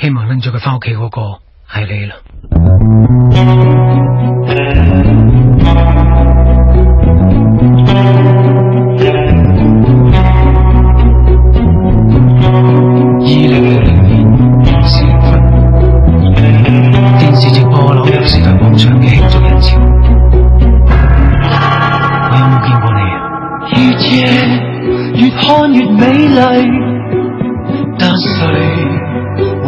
希望拎咗佢翻屋企嗰個係你啦。二零零零年四月份電視直播紐約時代廣場嘅慶祝人潮，我有冇見過你啊？越夜越看越美麗，但誰，